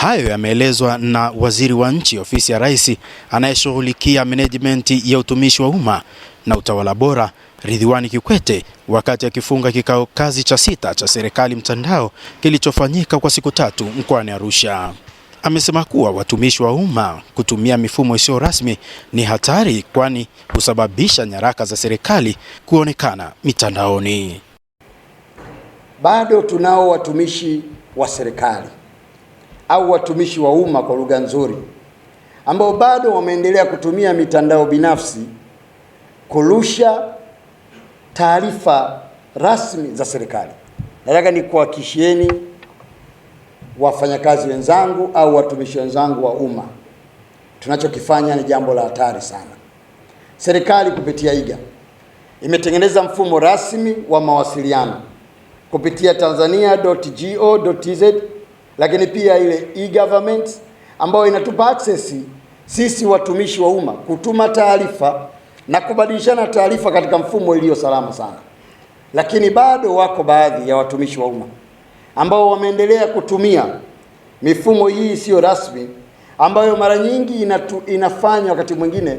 Hayo yameelezwa na waziri wa nchi ofisi ya rais anayeshughulikia management ya utumishi wa umma na utawala bora Ridhiwani Kikwete wakati akifunga kikao kazi cha sita cha serikali mtandao kilichofanyika kwa siku tatu mkoani Arusha. Amesema kuwa watumishi wa umma kutumia mifumo isiyo rasmi ni hatari, kwani husababisha nyaraka za serikali kuonekana mitandaoni. Bado tunao watumishi wa serikali au watumishi wa umma kwa lugha nzuri, ambao bado wameendelea kutumia mitandao binafsi kurusha taarifa rasmi za serikali. Nataka nikuhakikishieni wafanyakazi wenzangu au watumishi wenzangu wa umma, tunachokifanya ni jambo la hatari sana. Serikali kupitia iga imetengeneza mfumo rasmi wa mawasiliano kupitia tanzania.go.tz lakini pia ile e-government ambayo inatupa access sisi watumishi wa umma kutuma taarifa na kubadilishana taarifa katika mfumo iliyo salama sana. Lakini bado wako baadhi ya watumishi wa umma ambao wameendelea kutumia mifumo hii isiyo rasmi ambayo mara nyingi inatu, inafanya wakati mwingine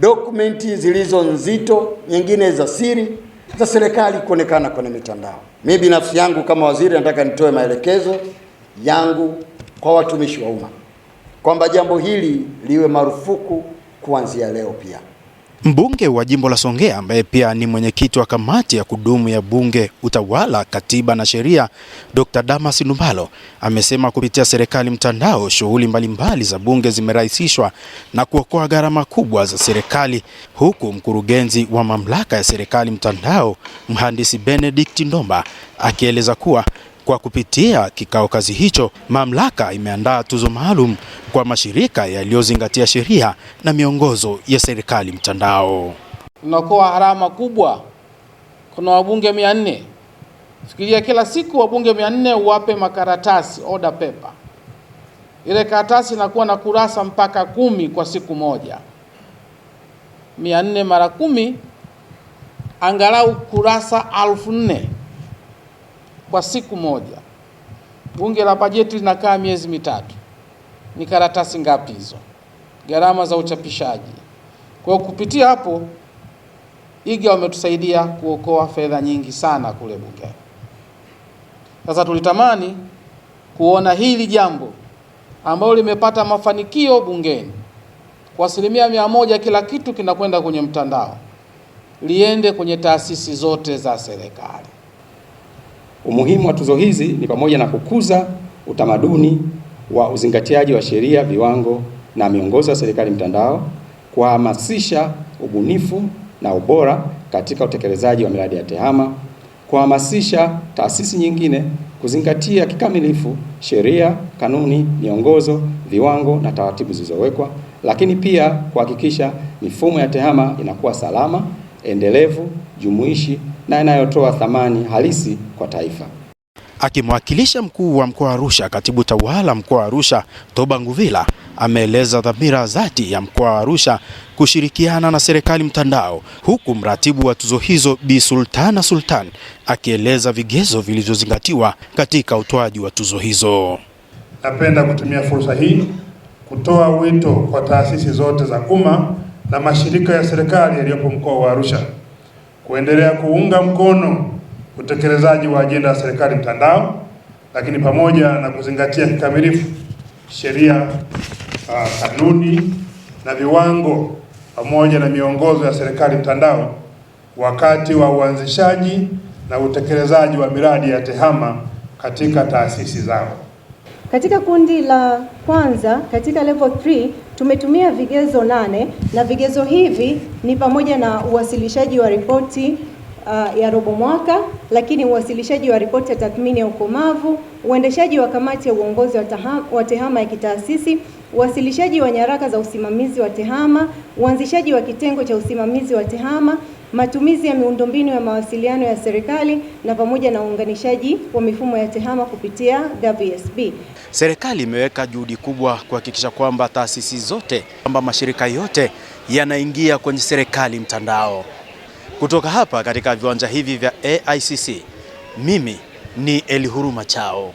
dokumenti zilizo nzito nyingine za siri za serikali kuonekana kwenye mitandao. Mimi binafsi yangu kama waziri nataka nitoe maelekezo yangu kwa watumishi wa umma kwamba jambo hili liwe marufuku kuanzia leo pia. Mbunge wa jimbo la Songea ambaye pia ni mwenyekiti wa kamati ya kudumu ya Bunge, Utawala, Katiba na Sheria, Dr. Damas Ndumbalo amesema kupitia serikali mtandao shughuli mbalimbali za bunge zimerahisishwa na kuokoa gharama kubwa za serikali, huku mkurugenzi wa mamlaka ya serikali mtandao mhandisi Benedict Ndomba akieleza kuwa kwa kupitia kikao kazi hicho, mamlaka imeandaa tuzo maalum kwa mashirika yaliyozingatia sheria na miongozo ya serikali mtandao. Tunaokoa harama kubwa. Kuna wabunge 400. Fikiria kila siku wabunge 400 uwape makaratasi order paper. Ile karatasi inakuwa na kurasa mpaka kumi kwa siku moja. 400 mara kumi, angalau kurasa elfu nne kwa siku moja. Bunge la bajeti linakaa miezi mitatu, ni karatasi ngapi hizo? Gharama za uchapishaji. Kwa kupitia hapo, IGA wametusaidia kuokoa fedha nyingi sana kule bungeni. Sasa tulitamani kuona hili jambo ambalo limepata mafanikio bungeni kwa asilimia mia moja, kila kitu kinakwenda kwenye mtandao, liende kwenye taasisi zote za serikali. Umuhimu wa tuzo hizi ni pamoja na kukuza utamaduni wa uzingatiaji wa sheria, viwango na miongozo ya serikali mtandao, kuhamasisha ubunifu na ubora katika utekelezaji wa miradi ya TEHAMA, kuhamasisha taasisi nyingine kuzingatia kikamilifu sheria, kanuni, miongozo, viwango na taratibu zilizowekwa, lakini pia kuhakikisha mifumo ya TEHAMA inakuwa salama, endelevu, jumuishi na inayotoa thamani halisi kwa taifa. Akimwakilisha mkuu wa mkoa wa Arusha, katibu tawala mkoa wa Arusha Toba Nguvila ameeleza dhamira dhati ya mkoa wa Arusha kushirikiana na serikali mtandao, huku mratibu wa tuzo hizo Bi Sultana Sultan akieleza vigezo vilivyozingatiwa katika utoaji wa tuzo hizo. Napenda kutumia fursa hii kutoa wito kwa taasisi zote za umma na mashirika ya serikali yaliyopo mkoa wa Arusha kuendelea kuunga mkono utekelezaji wa ajenda ya serikali mtandao, lakini pamoja na kuzingatia kikamilifu sheria, uh, kanuni na viwango pamoja na miongozo ya serikali mtandao wakati wa uanzishaji na utekelezaji wa miradi ya TEHAMA katika taasisi zao. Katika kundi la kwanza katika level 3 tumetumia vigezo nane na vigezo hivi ni pamoja na uwasilishaji wa ripoti uh, ya robo mwaka, lakini uwasilishaji wa ripoti ya tathmini ya ukomavu, uendeshaji wa kamati ya uongozi wa, taha, wa tehama ya kitaasisi, uwasilishaji wa nyaraka za usimamizi wa tehama, uanzishaji wa kitengo cha usimamizi wa tehama matumizi ya miundombinu ya mawasiliano ya serikali na pamoja na uunganishaji wa mifumo ya TEHAMA kupitia WSB. Serikali imeweka juhudi kubwa kuhakikisha kwamba taasisi zote, kwamba mashirika yote yanaingia kwenye serikali mtandao. Kutoka hapa katika viwanja hivi vya AICC, mimi ni Elihuru Chao.